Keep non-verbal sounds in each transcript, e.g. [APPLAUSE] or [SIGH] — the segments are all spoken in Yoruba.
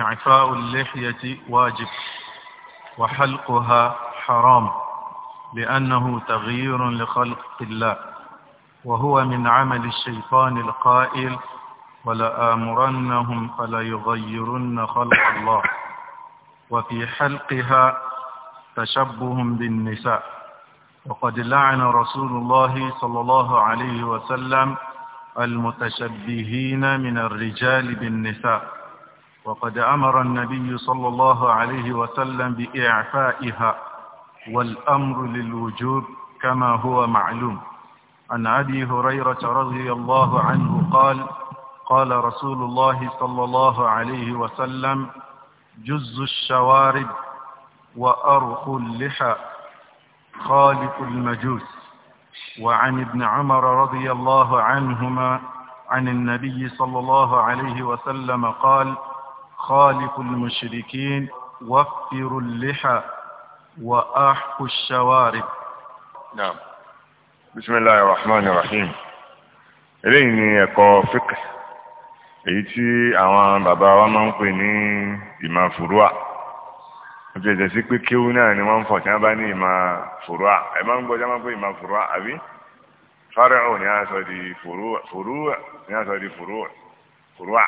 إعفاء اللحية واجب وحلقها حرام لأنه تغيير لخلق الله وهو من عمل الشيطان القائل ولآمرنهم فليغيرن خلق الله وفي حلقها تشبه بالنساء وقد لعن رسول الله صلى الله عليه وسلم المتشبهين من الرجال بالنساء وقد أمر النبي صلى الله عليه وسلم بإعفائها والأمر للوجوب كما هو معلوم عن أبي هريرة رضي الله عنه قال قال رسول الله صلى الله عليه وسلم جز الشوارب وأرخ اللحى خالق المجوس وعن ابن عمر رضي الله عنهما عن النبي صلى الله عليه وسلم قال خالف المشركين وفر اللحى وأحق الشوارب نعم بسم الله الرحمن الرحيم eléyìí ni ẹ̀kọ́ fíkà èyí tí àwọn bàbá wa máa ń pè ní ìmọ̀ fùrúà ó ti ẹ̀jẹ̀ sí pé kéwú náà ni wọ́n ń fọ̀ tí wọ́n bá ní ìmọ̀ fùrúà ẹ máa ń gbọ́ tí wọ́n máa ń ni a sọ di fùrúà fùrúà ni a sọ di fùrúà fùrúà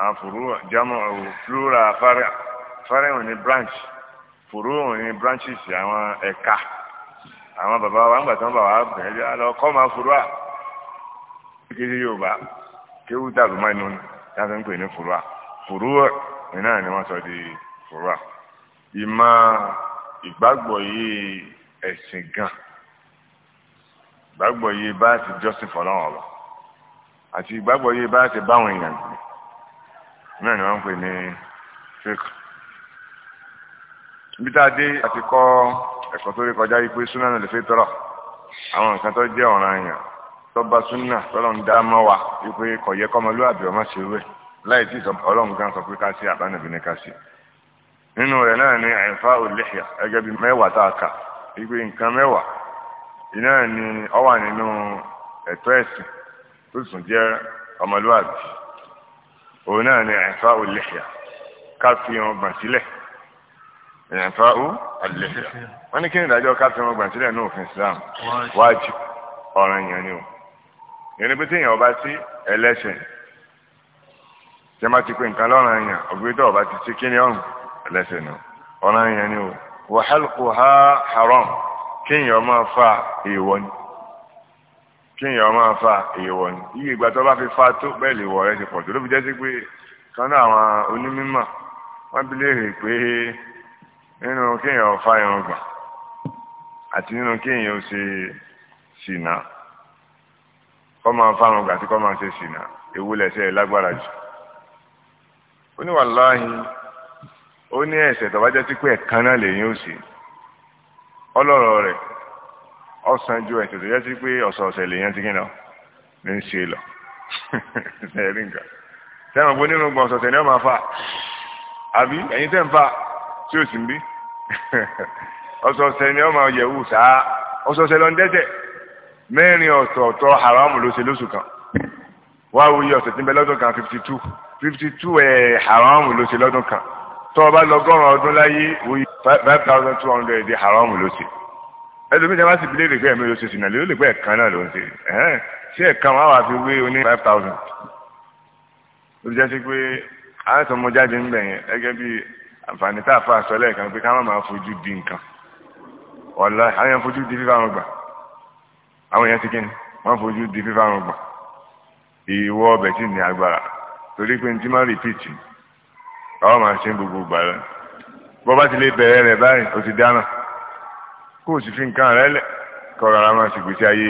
àwọn fòrúwà jámọ́ plural fárẹ̀ fárẹ̀ ní branch fòrúwà ní branches àwọn ẹ̀ka àwọn bàbá wa ńgbà tí wọ́n bà wá bẹ̀rẹ̀ bí alọ́ ah, kọ́ máa fòrúwà kékeré yorùbá kéwú tàbí máa nù láti ń pè ní a. náà ni wọ́n sọ di fòrúwà ìmọ̀ ìgbàgbọ́ yìí ẹ̀sìn gan ìgbàgbọ́ yìí bá ti jọ́sìn fọlọ́wọ́n ọ̀rọ̀. àti ìgbàgbọ́ yìí bá ti báwọn èèyàn náà ni wọ́n ń pè ní fake. níbi tá a dé àti kọ́ ẹ̀kọ́ tó rí kọjá yìí pé súnà náà lè fi tọrọ àwọn nǹkan tó jẹ́ ọ̀ràn èèyàn tó súnà tọ́lọ́ ń dá mọ́ wa wípé kò yẹ kọ́mọlúwàbí ọmọ ṣe rú láì tí ọlọ́run kan sọ pé ká sí àbánàbí ká sí. nínú rẹ̀ náà ni àìfá ẹgẹ́ bíi mẹ́wàá tá a kà nǹkan mẹ́wàá ni wà nínú ẹ̀tọ́ ẹ̀sìn tó sùn jẹ́ ọmọlúwàbí òun náà ni ẹ̀fà olèhìá ká fi hàn gbọ̀n sílẹ̀ ẹ̀fà olèhìá wọ́n ní kí ni ìdájọ́ ká fi hàn gbọ̀n sílẹ̀ ní òfin Islam wájú ọ̀ràn èèyàn ni o ìrìn pété èèyàn ọba sí ẹlẹ́sẹ̀ jẹ́má ti pé nǹkan lọ́ràn èèyàn ọ̀gbẹ́dọ̀ ọba ti sí kíni ọ̀rùn ẹlẹ́sẹ̀ ni ọ̀ràn èèyàn ni o wàhálùkù ha haram kéèyàn máa fa èèwọ̀ ni. kéèyàn máa fa èèwọ̀ ni iye ìgbà tó bá fi fa tó bẹ́ẹ̀ lè wọ̀ rẹ ṣe pọ̀ tó ló fi jẹ́ sí pé kan náà àwọn onímọ̀ wọ́n bi léèrè pé nínú kéèyàn fa irun gbà àti nínú kéèyàn ṣe ṣìnà kọ́ máa fa irun gbà àti kọ́ máa ṣe ṣìnà ewu lẹ́sẹ̀ lágbára jù ó ní wàláhì ó ní ẹ̀ṣẹ̀ tó bá jẹ́ sí pé ẹ̀kan náà lèyìn ò sí ọlọ́rọ̀ rẹ̀ ọ̀sán ju ẹ̀tẹ̀ tó yẹ sí pé ọ̀sọ̀ọ̀sẹ̀ lèyàn ti kíná ní ń ṣe lọ [LAUGHS] ẹ̀rí nǹkan tẹ́wọ̀n bó nínú gbọ̀n ọ̀sọ̀ọ̀sẹ̀ ni wọ́n máa fà àbí ẹ̀yin tẹ́ ń fà tí ò sì ń bí [LAUGHS] ọ̀sọ̀ọ̀sẹ̀ ni wọ́n máa yẹ̀ wù sáá ọ̀sọ̀ọ̀sẹ̀ lọ ń dẹ́tẹ̀ mẹ́rin ọ̀tọ̀ọ̀tọ̀ haramu ló ṣe lóṣù kan wá wuyi ọ̀sẹ̀ tí ń bẹ lọ́dún kan fifty two fifty two ẹ̀ haramu ló ṣe lọ́dún kan tọ́ ọ bá lọ́gọ́rùn-ún ọdún láyé wuyi five thousand two hundred di haramu ló ṣe ẹlòmí ìjọba sì bílẹ̀ rẹ̀ pé ẹ̀mí ló ṣe sìnà lè ó lè pẹ́ ẹ̀kan náà ló ń ṣe ẹ̀hẹ́n ṣé ẹ̀kan wọn wà fi wé oní five thousand ló jẹ́ sí pé àtọmọjáde ń bẹ̀ yẹn gẹ́gẹ́ àǹfààní tá a fà sọ lẹ́ẹ̀kan pé ká má máa fojú di nǹkan ọ̀la àwọn yẹn fojú di fífa àwọn gbà àwọn yẹn ti kíni wọ́n fojú di fífa àwọn gbà ìwọ ọbẹ̀ tí ní agbára torí pé ní tí má rìpíìtì ọ máa ṣe gbogbo gbà lọ bọ́ bá ti lè bẹ̀rẹ̀ rẹ̀ báyìí ó ti dáná kó o sì fi nǹkan rẹ lẹ̀ kọ́ra ara máa ṣègbésí ayé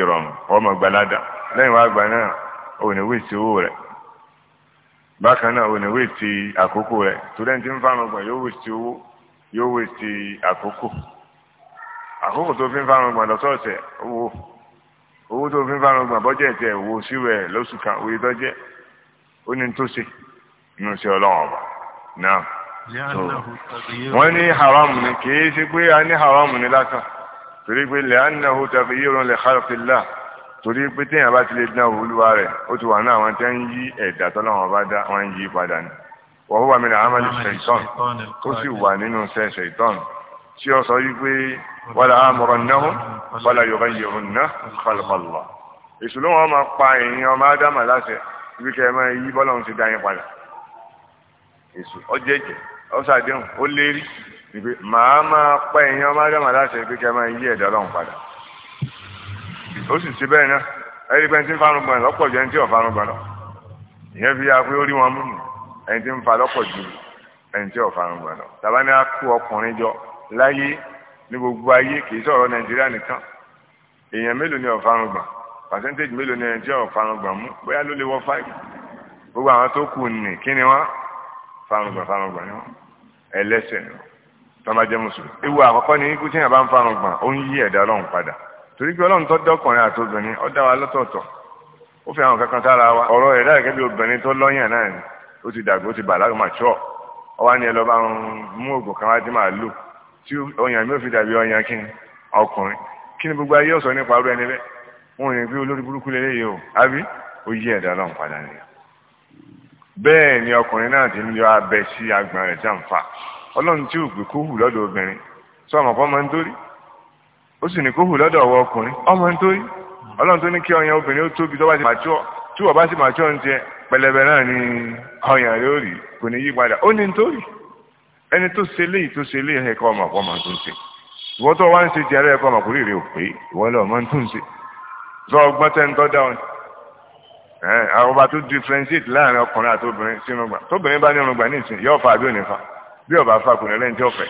ìrọ̀rùn ọmọ gbalada lẹ́yìn wá gba náà òun ìwé ti owó rẹ̀ bákan náà òun ìwé ti àkókò rẹ̀ torí ẹni tí ń fárun gbọ̀n yóò wé owó yóò wé àkókò àkókò tó fi ń lọ́sọ̀ọ̀sẹ̀ owó owó tó fi ń bọ́jẹ̀ òye tọ́jẹ́ ó ní wọ́n ní haram ni kìí ṣe pé a ní haram ni lásán torí pé li'annahu taghyirun li khalqillah torí pé téèyàn bá ti lè dán olúwa rẹ̀ ó ti wà ní àwọn tẹ́ ń yí ẹ̀dá tọ́lọ́wọ́n bá dá wọ́n ń yí padà ni wa huwa min amali shaytan ó sì wà nínú sẹ́ shaytan tí ó sọ yí pé wala amurannahum wala yughayyirunna khalqallah èṣù ló wọn máa pa èèyàn ọmọ ádámà láṣẹ ibi máa yí bọ́lọ́run ti dá yín padà èṣù ọjẹjẹ ọsàdéhùn ó lérí wípé màá máa pa ẹ̀yin ọmọ adama láti ẹgbẹ́ kí a máa yí ẹ̀dá ọlọ́run padà ó sì ṣe bẹ́ẹ̀ náà ẹni pé ẹni tí ń fanu gbọ̀n lọ́pọ̀ ju ẹni tí ò fanu gbọ̀n lọ ìyẹn fi ya pé ó rí wọn mú ẹni tí ń fa lọ́pọ̀ ju ẹni tí ò fanu gbọ̀n lọ tàbá ní a ọkùnrin jọ láyé ní gbogbo ayé kì í sọ̀rọ̀ nàìjíríà nìkan èèyàn mélòó ni ò fanu gbọ̀n percentage mélòó ni ẹni tí ò fanu gbọ̀n mú bóyá ló lè wọ five gbogbo àwọn tó kù nì kí ni wọ́n fárùngbọ̀n fárùngbọ̀n ni wọ́n ẹlẹ́sẹ̀ ni wọ́n tọ́ba jẹ́ mùsùlùmí. ewu àkọ́kọ́ ni ikú tí yẹn bá ń fárùngbọ̀n ó ń yí ẹ̀dá ọlọ́run padà torí pé ọlọ́run tó dọ́kùnrin àti obìnrin ó dá wa lọ́tọ̀ọ̀tọ̀ ó fi àwọn kankan sára wa ọ̀rọ̀ ẹ̀dá gẹ́gẹ́ bí obìnrin tó lọ́yàn náà ni ó ti dàgbé ó ti bàlágà máa tíọ́ ọ wá ní ẹ lọ bá ń mú oògùn kan wá tí màá lò tí ọyàn mi ò fi dàbí ọyàn kí ni ọkùnrin kí ni gbogbo ayé ọ̀sán nípa ọ̀rọ̀ ẹni bẹ́ẹ̀ wọn ò ní pé olórí burúkú lélẹ́yìí o àbí ó yí ẹ̀dá ọlọ́run padà nìyẹn bẹ́ẹ̀ ni ọkùnrin náà ti ń yọ abẹ sí agbọ̀n rẹ̀ fa ọlọ́run tí ò gbé kóhù lọ́dọ̀ obìnrin ọmọ fọ́ máa ń dórí ó sì ní kóhù lọ́dọ̀ ọwọ́ ọkùnrin ọmọ ń dórí ọlọ́run tó ní kí ọyàn obìnrin ó tóbi tó bá ti màtúọ̀ tí wọ́n bá ti màtúọ̀ ń tiẹ̀ ni ọyàn yóò rí kò ní yí padà ó ní ọmọ máa tún ṣe ìwọ́n tó wá àwọn ọba tó differentiate láàrin ọkùnrin àti obìnrin sínú gbà tóbìnrin bá ní irun gbà ní yóò fa àbí òní fa bí ọba fa kò lẹ́yìn tí ó fẹ́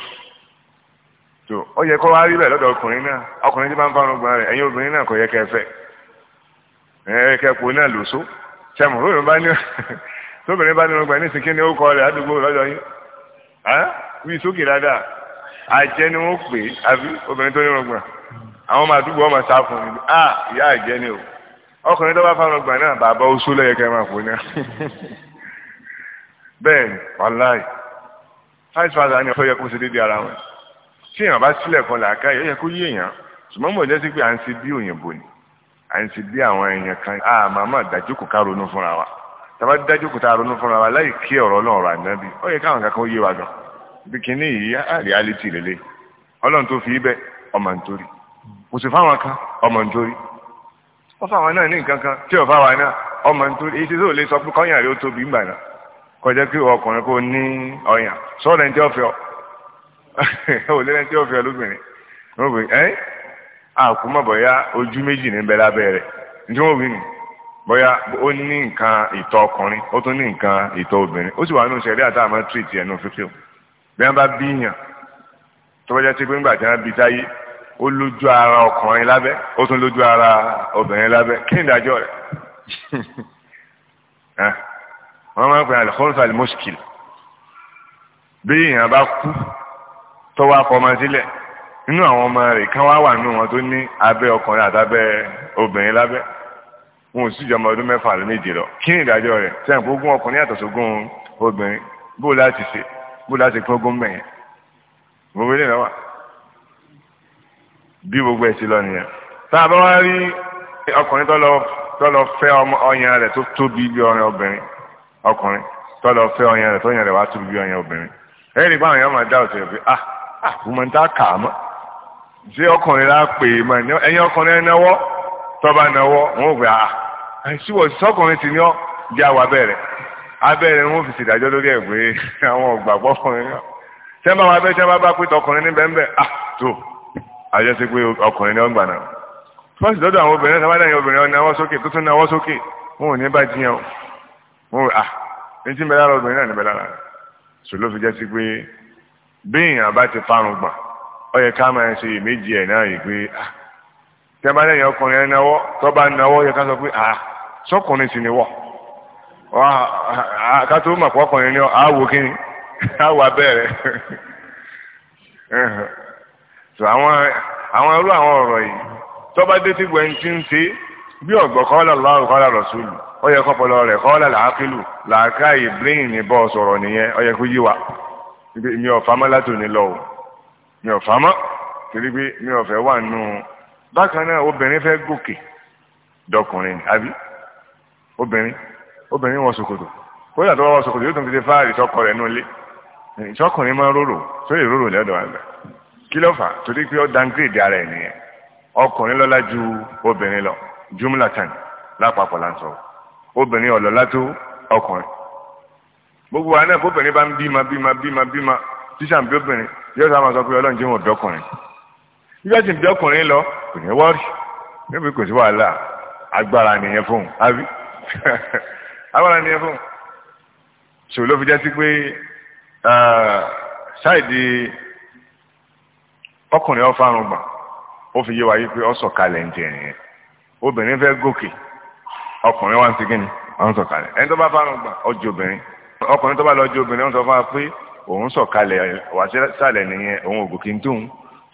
tó ó yẹ kó wá rí bẹ́ẹ̀ lọ́dọ̀ ọkùnrin náà ọkùnrin tí bá ń fa gbà rẹ̀ ẹ̀yin obìnrin náà kò yẹ kẹ́ fẹ́ ẹ̀ kẹ́ sẹ́mu [LAUGHS] tóbìnrin bá ní gbà kí ni ó kọ́ rẹ̀ àdúgbò lọ́dọ̀ ọkùnrin tó bá fárun gbà náà bàbá oṣù lẹ́yẹ kẹ́ máa fún náà [LAUGHS] bẹ́ẹ̀ ni wàláì five thousand ni ọ̀fẹ́ yẹ kó ṣe déédéé ara wọn tí èèyàn bá sílẹ̀ kan làákà yẹ yẹ kó yé èèyàn ṣùgbọ́n mọ̀ jẹ́ sí pé à ń ṣe bí òyìnbó ni à ń ṣe bí àwọn èèyàn kan á màmá dájókòó ká ronú fúnra wa tàbá dájókòó tá a ronú fúnra wa láì kí ọ̀rọ̀ náà rà nábì ó yẹ káwọn kankan yé wa gan bí kinní yìí á reality lélẹ̀ ọlọ́run tó fi í bẹ́ ọmọ nítorí kò sì fáwọn kan ọmọ nítorí ó fáwọn náà ní nǹkan kan tí ò fáwọn náà ọmọ nítorí èyí tí tó lè sọ pé kọ́yàn rẹ̀ ó tóbi ńgbà náà kọjá pé ọkùnrin kò ní ọyàn sọ́ọ̀dẹ̀ ní tí ọ ò lẹ́ni tí ó [LAUGHS] ọ lóbìnrin lóbìnrin àkú bọyá ojú méjì ní ní bọyá ó ní nǹkan ọkùnrin ó tún ní nǹkan obìnrin ó sì wà àtàwọn bí bá bí ó lójú ara ọkùnrin lábẹ́ ó tún lójú ara obìnrin lábẹ́ kí ni ìdájọ́ rẹ̀ [LAUGHS] wọ́n máa ń pè àlùkòrò àlùmọ́sìkìlì bí èèyàn bá kú tọ́wọ́ akọ́mọ sílẹ̀ nínú àwọn ọmọ rẹ̀ kán wá wà nínú wọn tó ní abẹ́ ọkùnrin àtàbẹ́ obìnrin lábẹ́ wọn ò sì jọmọ ọdún mẹ́fà ló lọ kí ni ìdájọ́ rẹ̀ sẹ́yìn kó ọkùnrin yàtọ̀ sógún obìnrin bó láti ṣe bó láti kó gún mẹ́yẹn gbogbo ilé náà wà bí gbogbo ẹ̀ sí lọ nìyẹn tá a bá wá rí ọkùnrin tó lọ fẹ́ ọyàn rẹ̀ tó tóbi bí ọyàn obìnrin ọkùnrin tó lọ fẹ́ ọyàn rẹ̀ tó yàn rẹ̀ wá tóbi bí ọyàn obìnrin ẹ̀ rí i pé àwọn èèyàn máa dá òtún yẹn ah ah mo máa ń tá kà á mọ́ ṣé ọkùnrin la pè é mọ́ ẹ̀yin ọkùnrin ẹ̀ náwọ́ tọ́ba náwọ́ wọn ò gbé ah àìsíwọ̀ sọ́kùnrin ti ní ọ́ bí àwa bẹ̀rẹ̀ abẹ́rẹ́ ni wọ́n fi ṣèdájọ́ lórí ẹ̀ pé [LAUGHS] àwọn ọ̀gbà pọ́kùnrin náà tẹ́ bá wa bẹ́ tẹ́ bá bá pé tọkùnrin níbẹ̀ ń ah tó àjọṣe pé ọkùnrin ni wọ́n gbà náà fọ́ọ̀sì lọ́dọ̀ àwọn obìnrin náà wọ́n obìnrin ọ̀nà wọ́n sókè tó náà wọ́n sókè wọn ò ní bá jiyàn wọn à ní tí ń obìnrin náà ní fi jẹ́ sí pé bá ti parun gbà yẹ ká máa ṣe ẹ̀ náà yìí pé à tí a bá lẹ́yìn ọkùnrin ẹ̀ náwó tó bá náwó yẹ ká sọ pé à sọkùnrin sì ni wọ́ ká tó [LAUGHS] [LAUGHS] tó àwọn àwọn irú àwọn ọ̀rọ̀ yìí tọ́ba dé tí gbẹ̀ ń ti ń ṣe bí ọ̀gbọ̀ kọ́lá lọ́rùn kọ́lá rọ̀ṣúlù ó yẹ kọ́pọ̀lọ rẹ̀ kọ́lá làákìlù làákàyè brain ní bọ́ sọ̀rọ̀ nìyẹn ó yẹ kó yí wa mi ò fámọ́ látò ní lọ́wọ́ mi ò fámọ́ torí pé mi ò fẹ́ wà nù bákan náà obìnrin fẹ́ gòkè dọkùnrin àbí obìnrin obìnrin wọ ṣòkòtò kódà tó wọ ṣòkòtò yóò tún fi ṣe fáàrí sọkọ rẹ̀ nulẹ̀ ìṣọkùnrin máa ń rorò tó lè lẹ́dọ̀ àgbà Kilofa, ló fà torí pé ó dangrèdè ara ẹ̀ nìyẹn ọkùnrin lọ́lá ju obìnrin lọ jumlatan lápapọ̀ láǹsọ̀ obìnrin ọ̀lọ́lá tó ọkùnrin gbogbo wa náà bóbìnrin bá ń bímọ bímọ bímọ bímọ tíṣà ń bí obìnrin yóò sábà sọ pé ọlọ́run jẹ́ wọn ọ̀dọ́kùnrin bí wọ́n ti ń bí ọkùnrin lọ kò ní wọ́ọ̀rì níbi kò sí wàhálà agbára nìyẹn fún un àbí [LAUGHS] agbára nìyẹn fún un ṣòwò ló fi jẹ́ sí pé ah, ṣáìdì ọkùnrin ọ fárun gbà ó fi yé wa yí pé ọ sọ̀kalẹ̀ ń jẹ ẹ̀yẹn obìnrin fẹ́ gòkè ọkùnrin wa ń segin ni ọ ń sọ̀kalẹ̀ ẹni tó bá fárun gbà ọ jẹ obìnrin ọkùnrin tó bá lọ jẹ obìnrin ó sọ fún wa pé òun sọ̀kalẹ̀ wà sálẹ̀ nìyẹn òun ògòkè ń tóun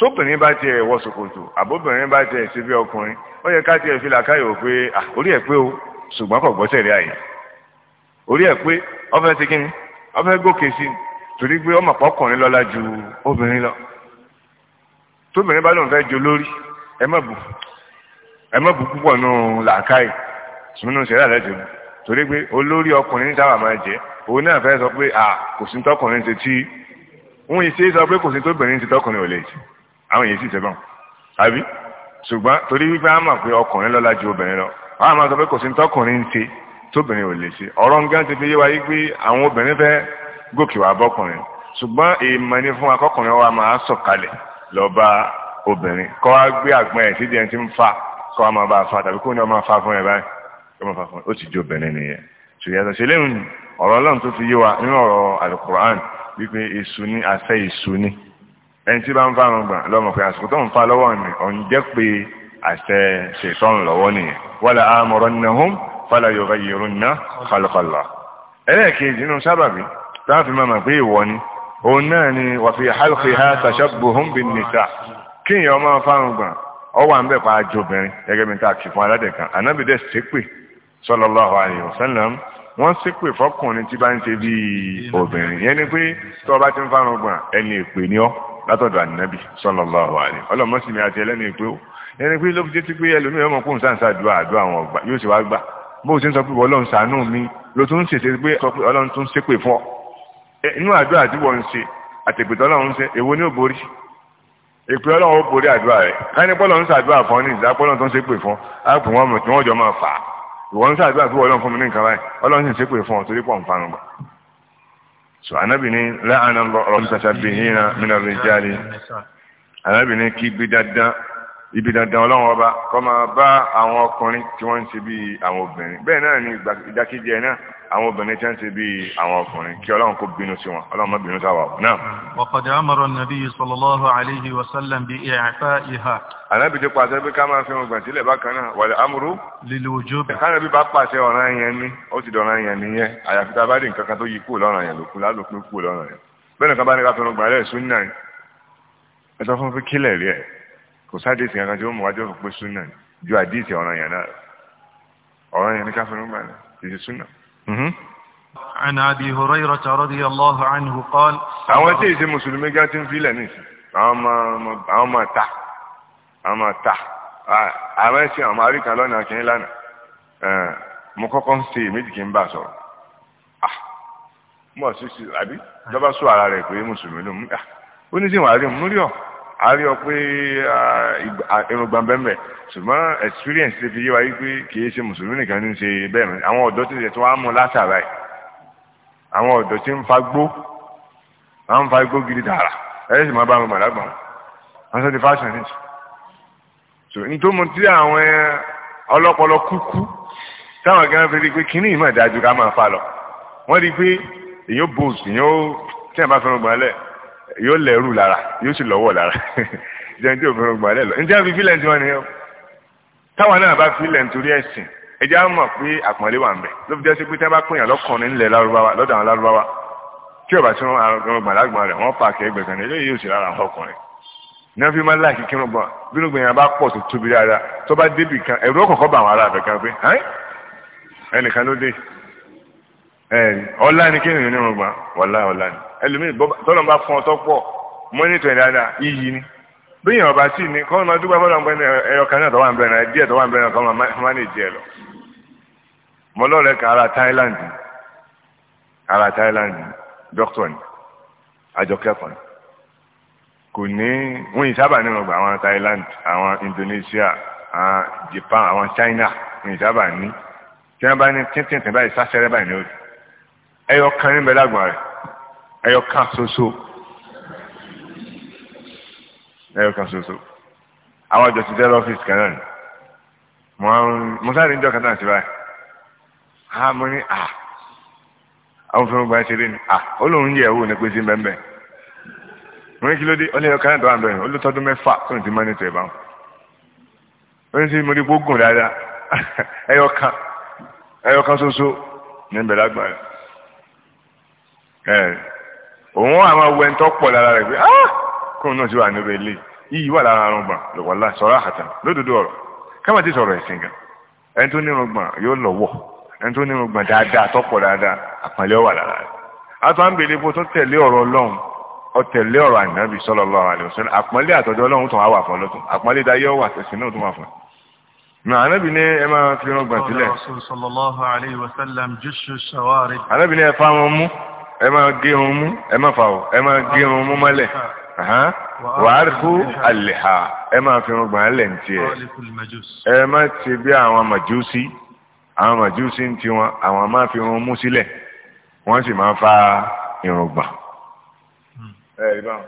tóbìnrin bá tiẹ̀ wọ ṣòkòtò àbóbìnrin bá tiẹ̀ ṣe bí ọkùnrin ó yẹ ká tiẹ̀ fi làákàyò pé orí ẹ̀ pé o ṣùgbọ́n kò gbọ́sẹ̀ rí àyè orí ẹ̀ pé ọfẹ́ ti kí ni ọfẹ́ gòkè sí torí pé ọmọ pọ́kùnrin lọ́la ju obìnrin lọ tóbìnrin bá lóun fẹ́ jo lórí ẹ má bù ẹ má bù púpọ̀ nù làákàyè sùnú sẹ́dá lẹ́sẹ̀ bù torí pé olórí ọkùnrin sábà máa jẹ́ òun náà fẹ́ sọ pé à kò sí tọkùnrin ṣe tí wọn yìí ṣe é sọ pé kò sí tóbìnrin ṣe tọkùnrin ò lè ṣe àwọn yìí sì ṣe báwọn àbí ṣùgbọ́n torí wípé a mọ̀ pé ọkùnrin lọ́lá ju obìnrin lọ wọ́n á máa sọ pé kò sí tọkùnrin ṣe tóbìnrin ò lè ṣe ọ̀rọ̀ nǹkan ti fi yé wa yí pé àwọn obìnrin fẹ́ gòkè wá bọ́kùnrin ṣùgbọ́n èèmọ̀ ni fún akọkùnrin wa máa sọ̀kalẹ̀ lọ bá obìnrin kọ́ wá gbé àgbọn ẹ̀ sídìí ẹni tí ń fa kọ́ wá máa bá a fa tàbí kó ní ọmọ fa fún ẹ báyìí kó máa fa fún ẹ ó ti di obìnrin nìyẹn ṣùgbọ́n ṣe léwu ọ̀rọ̀ ọlọ́run tó fi yé wa nínú ọ̀rọ̀ alukur'an wípé èṣù ni àṣẹ èṣù ni ẹni tí bá ń fárun gbà lọ́mọ pé àsìkò tó ń fa lọ́wọ́ mi ọ̀n jẹ́ pé àṣẹ ṣètọ́n lọ́wọ́ nìyẹn wala amurannahum fala yughayirunna khalqallah ẹlẹ́ẹ̀kejì nínú sábàbí táà fi máa mọ̀ pé ìwọ ni òun náà ni wàfi hálùkì ha tàṣàbù hùnbìn nìta kí ìyẹn ọmọ fáwọn gbọ̀n ọ wà ń bẹ̀ pa àjòbìnrin gẹ́gẹ́ bí n ta kì fún aládẹ̀ kan ànábì dẹ̀ ṣépè sallallahu alaihi fọkùnrin tí bá ń ṣe bí obìnrin yẹn ni pé tí ọba ti ń fáwọn gbọ̀n ẹni èpè ni ọ látọ̀dọ̀ ànábì sallallahu àwọn ọgbà Eh, inú àdúrà tí wọ́n ń ṣe àtẹ̀pẹ̀tọ́ ọlọ́run ṣe èwo ni ó borí èpè ọlọ́run ó borí àdúrà rẹ̀ káyọ̀ pọ́lọ́ ń ṣàdúrà fún ọ ní ìdá pọ́lọ́ tó ń ṣe pè fún á pè wọ́n mọ̀ tí wọ́n jọ máa fà á ìwọ ń ṣàdúrà fún ọlọ́run fún mi ní nǹkan báyìí ọlọ́run sì ń ṣe pè fún ọ torí pọ̀ ń fanu gbà. sọ anábì ní láàánú ọ̀rọ̀ mutasabihina mina rijali anábì ní kí ibi dandan ibi dandan ọlọ́run ọba kọ́ máa bá àwọn ọkùnrin tí wọ́n ń ṣe bíi àwọn obìnrin bẹ́ẹ̀ náà ni ìdákejì ẹ̀ náà àwọn obìnrin tí ń ṣe bí àwọn ọkùnrin kí ọlọ́run kó bínú sí wọn ọlọ́run má bínú sáwà wọn náà. wàkọ̀dẹ̀ amọ̀rọ̀ nàbí sallallahu alayhi wa sallam bí ẹ̀ẹ́fà ìhà. alábì ti pàṣẹ pé ká máa fi ohun gbàtílẹ̀ bákan náà wàlẹ̀ amúrú. lílo ojú bẹ̀. káàdì bí bá pàṣẹ ọ̀ràn yẹn ní ó ti dọ̀ràn yẹn nìyẹn àyàfi tá bá dín nǹkan tó yí kúrò lọ́ràn yẹn lókun lálòpin kúrò lọ́ràn yẹn bẹ́ẹ̀ nìkan bá ní ká fi ohun gbàlẹ̀ sunna ni ẹ sọ fún fi kílẹ̀ rí ẹ kò sáà dé ìsìn kankan tí ó mú wájú fún pé sunna ju àdíìsì ọ̀ràn yẹn náà ọ̀ràn yẹn ní ká fi ohun gbàlẹ̀ Mm-hmm. عن أبي هريرة رضي الله عنه قال àwọn tí ìṣe mùsùlùmí gá ti ń si, nìsí àwọn ọmọ ta àwọn ta àwọn ẹ̀sìn àwọn àríkà lọ́nà kìíní lánàá mo kọ́kọ́ ń ṣe méjì kí n ara rẹ̀ pé mùsùlùmí ló ń ó ní a rí ọ pé irungba bẹ́ẹ̀ ṣùgbọ́n experience ti fi yé wa yí pé kì í ṣe mùsùlùmí nìkan ní ṣe bẹ́ẹ̀ mọ́ àwọn ọ̀dọ́ ti ṣe tí wọ́n á mú látara ẹ̀ àwọn ọ̀dọ́ ti ń fa gbó wọ́n ń fa gbó gidi tààrà ẹ̀ sì máa bá wọn gbàdá gbọ̀n wọ́n sọ ti fashion ní ṣù nítorí mo ti àwọn ọlọ́pọlọ kúkú táwọn gan fi rí i pé kíní ìmọ̀ ìdájú ká máa fa lọ wọ́n rí i pé èyí ó yóò lẹ́rù lára yóò sì lọ́wọ́ lára [LAUGHS] jẹun tí òfin gbà lẹ́lọ njẹ́ fi fílẹ̀ tí wọ́n ní ọ́ táwọn náà bá fílẹ̀ nítorí ẹ̀sìn ẹjẹ́ á mọ̀ pé àpọ̀nlé wà ń bẹ̀ ló fi jẹ́ sí pé tẹ́ bá pèèyàn lọ́kùnrin ńlẹ̀ lárúbáwá lọ́dọ̀ àwọn lárúbáwá tí ọba tí wọ́n arọgbọ̀n gbàlagbọ̀n rẹ̀ wọ́n pa akẹ́gbẹ̀ kan nílé yóò sì rárá ọkùnrin náà fi máa láàkì kírun gbọ́n bínú gbìyànjú bá pọ̀ tó tóbi dáadáa tó bá débì ẹlòmíì tọ́lọ̀ bá fún ọ tọ́pọ̀ mọ́nítọ̀ ìdáda iyì ni bẹ́ẹ̀ yẹn ọba sí ni kọ́ máa dúpẹ́ fọlọ́ pẹ́ẹ́nì ẹyọ kan náà tọ́wọ́ àbẹ̀rẹ̀ díẹ̀ tọ́wọ́ àbẹ̀rẹ̀ kan máa ní ìjẹ́ lọ. mo lọ́ọ̀rẹ́ kan ara Thailand ara Thailand doctor ni àjọkẹ́kọ̀ọ́ ni kò ní wọ́n yìí sábà nínú ọgbà àwọn Thailand àwọn Indonesia àwọn Japan àwọn China wọ́n yìí sábà ní tí wọ́n bá ní tíntìntìn báyìí sáṣẹ́rẹ́ báyìí ní òdì ẹyọ kan níbẹ̀ lágbọ̀n rẹ̀ Eyoka soso ṣoṣo ẹyọ kan ṣoṣo àwọn àjọ ti dẹ́ lọ́fíìsì kan ni mo sáré ń jọ a mo a àwọn gba rí ni a ó lóun yẹ̀ wò ní pé bẹ́ẹ̀ mo ní kí ló dé ó lé ẹyọ kan náà tó mẹ́fà tó ní ti máa ní ó mo [LAUGHS] òun àwọn awẹ ntọ́ pọ̀ lára rẹ̀ pé ah kóun náà ti wà níbi ilé iyì wà lára àrùn gbọ̀n lọ́wọ́lá sọ̀rọ̀ àhàtà lódodo ọ̀rọ̀ káwọn ti sọ̀rọ̀ ẹ̀sìn gan ẹni tó nírun gbọ̀n yóò lọ́wọ́ ẹni tó nírun gbọ̀n dáadáa tọ́pọ̀ dáadáa àpọ́nlé ọ̀wà lára rẹ̀ àtọ́ àǹbẹ̀lẹ̀ epo tó tẹ̀lé ọ̀rọ̀ ọlọ́run ó tẹ̀lé ọ̀rọ̀ ànábì sallallahu alaihi wasallam àpọ́nlé àtọ́jọ́ ọlọ́run tó wà wà fún ọlọ́tún anabi ne ẹ máa fi irun sílẹ̀ anabi ne ẹ fa wọn mú ẹ máa gé irun mú ẹ má fà ó ẹ máa gé irun mú mọ́lẹ̀ wàárùkú àlèhà ẹ máa fi irun gbọ̀n lẹ̀ ń tiẹ̀ ẹ má ti bí àwọn màjúsí àwọn màjúsí ń tiwọn àwọn máa fi irun mú sílẹ̀ wọ́n sì máa fa irun gbọ̀n. ẹ ẹ báwọn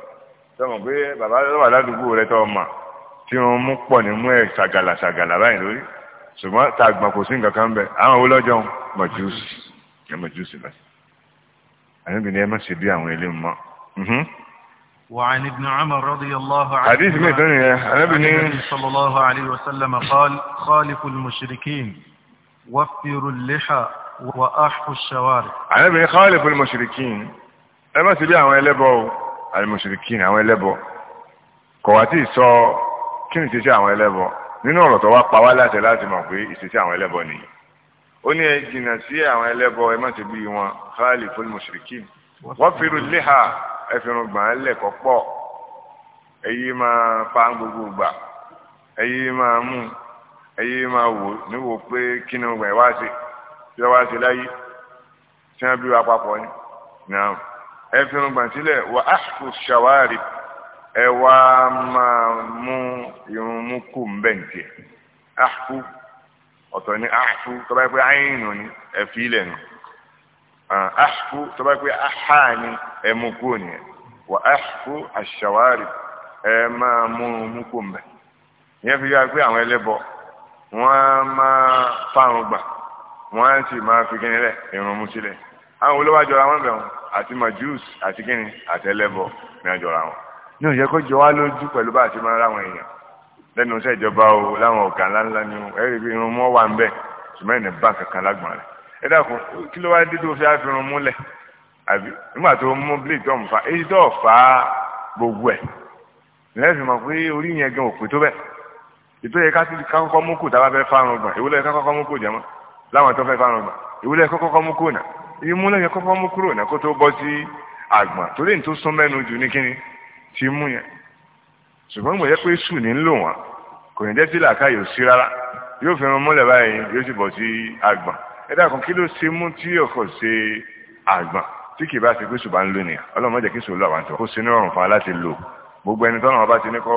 sọmọ pé bàbá lọ́wọ́ aládùúgbò rẹ tọ́ ọ mà tí irun mú pọ̀ ní mú ṣàgàlà ṣàgàlà báyìí lórí ṣùgbọ́n tá kò sí nǹkan kan bẹ̀ àwọn olójọ́ màjúsí màjúsí báyìí àníbi ni ẹ má ṣe bí àwọn ilé mọ́. وعن ابن عمر رضي الله عنه حديث مثل عن ابن صلى الله عليه وسلم قال خالف المشركين وفر اللحى وأحف الشوارع عن ابن خالف المشركين أما سبيع ويلبو المشركين ويلبو kọ̀wátì sọ kí ni ìṣesí àwọn ẹlẹ́bọ nínú ọ̀rọ̀ tó wá pa wá láti láti mọ̀ pé ó ní ẹ jìnnà sí àwọn ẹlẹ́bọ ẹ má ṣe bí wọn káàlì fún mùsùlùkì wọ́n fi rú léha ẹ fi rún gbọ̀n lẹ́kọ̀ọ́ pọ̀ ẹyí máa pa gbogbo gbà ẹyí máa mú ẹyí máa wò níwò pé kí ni gbọ̀n wá sí tí wọ́n wá sí láyé tí wọ́n bí wa papọ̀ ni náà ẹ fi sílẹ̀ wà á kò ṣàwárí ẹ wá máa mú irun mú kù ń bẹ̀ á kú ọ̀tọ̀ ni afu tó bá yẹ pé ayinu ni ẹ̀fí ilẹ̀ nù afu tó bá yẹ pé aha ni ẹ̀mú kúrò nìyẹn wà afu aṣàwárì ẹ̀ máa mú mú kó mbẹ̀ ìyẹn fi yára pé àwọn ẹlẹ́bọ wọ́n á máa fárun gbà wọ́n á sì máa fi kíni rẹ̀ irun mú sílẹ̀ àwọn olówó àjọra wọn bẹ̀ wọn àti majus àti kíni àtẹlẹ́bọ ní àjọra wọn ní òjẹ́kọ́jọ́ wa lójú pẹ̀lú bá a ti máa ráwọn èèyàn lẹ́nu iṣẹ́ ìjọba o láwọn ọ̀gá ńláńlá ni o ẹ̀rí bí irun mọ́ wà ń bẹ̀ ṣùgbọ́n ẹ̀nì bá kankan lágbọ̀n rẹ̀ ẹ dákun kí ló wá dé tó fi àfihàn múlẹ̀ àbí nígbà tó mú blade tó ń fa èyí tó fa gbogbo ẹ̀ lẹ́yìn mọ̀ pé orí yẹn gan òpè tó bẹ̀ ètò yẹ ká kọ́kọ́ mú kù tábà fẹ́ fárun gbọ̀n ìwúlẹ̀ ká kọ́kọ́ mú kù jẹ́mọ́ láwọn tó fẹ́ fárun gbọ̀n ìwúlẹ̀ kọ́kọ́ mú kù nà ìmúlẹ̀ yẹn kọ́kọ́ mú kúrò nà kó tó bọ́ sí àgbọ̀n torí ní tó sún mẹ́nu jù ní kíni ti mú yẹn ṣùgbọ́n gbọ̀nyẹ́ pé sùn ní ń lò wọ́n kò ní jẹ́ sí làákàyè òsì rárá yóò fi ran mọ́lẹ̀ báyìí yóò sì bọ̀ sí àgbọ̀n ẹ dákun kí ló ṣe mú tí ọkọ̀ ṣe àgbọ̀n tí kì bá ṣe pé sùn bá ń lò nìyà ọlọ́run má jẹ́ kí sùn lọ àwọn àti wọn kó ṣe ní ọrùn fún wa láti lò gbogbo ẹni tọ́nà ọba ti ní kó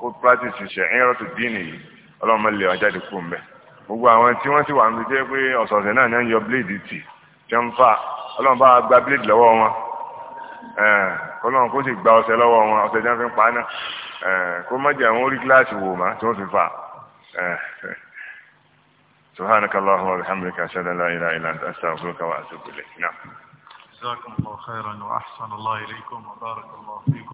kó practice ṣe ẹ̀yìn rọ́tò dín nìyí ọlọ́run má wọn jáde kú mbẹ́ gbogbo àwọn tí wọ́n sì wà níbi jẹ́ pé ọ̀sọ̀ọ̀sẹ̀ náà ní yọ bléèdì tì tí ń fà ọlọ́run bá gba bléèdì lọ́wọ́ wọn ọlọ́run kó sì gba ọṣẹ lọ́wọ́ wọn ọṣẹ tí fi ń pa náà Eh, kó má سبحانك اللهم وبحمدك أشهد أن لا إله إلا أنت أستغفرك وأتوب إليك نعم جزاكم الله خيرا وأحسن الله إليكم وبارك الله فيكم